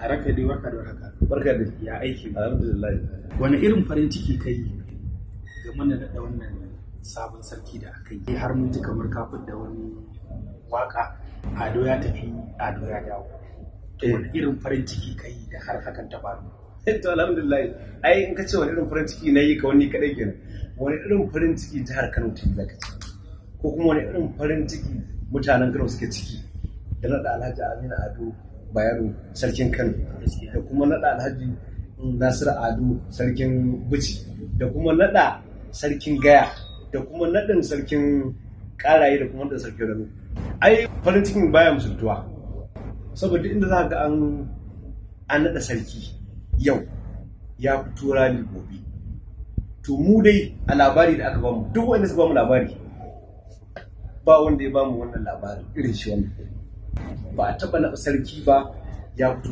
a raka dai barka da raka barka da ya aiki alhamdulillah wani irin farin ciki kai game da nada wannan sabon sarki da aka yi har mun ji kamar kafin da wani waka ado ya tafi ado ya dawo eh. wani irin farin ciki kai da har hakan ta faru eh, to alhamdulillah ai in ka ce wani irin farin ciki na yi ka wani kadai kenan wani irin farin ciki jihar Kano ta yi zaka ci ko kuma wani irin farin ciki mutanen Kano suke ciki da nada Alhaji Aminu Ado bayero sarkin kano da kuma nada alhaji nasiru ado sarkin bici da kuma nada sarkin gaya da kuma naɗin sarkin karaye da kuma naɗin sarkin rano ai farin cikin baya musultuwa saboda inda za ga an an sarki yau ya fito rani gobe to mu dai a labari da aka bamu duk wanda su bamu labari ba wanda ya bamu wannan labarin irin shi wannan ba a taɓa na sarki ba ya fito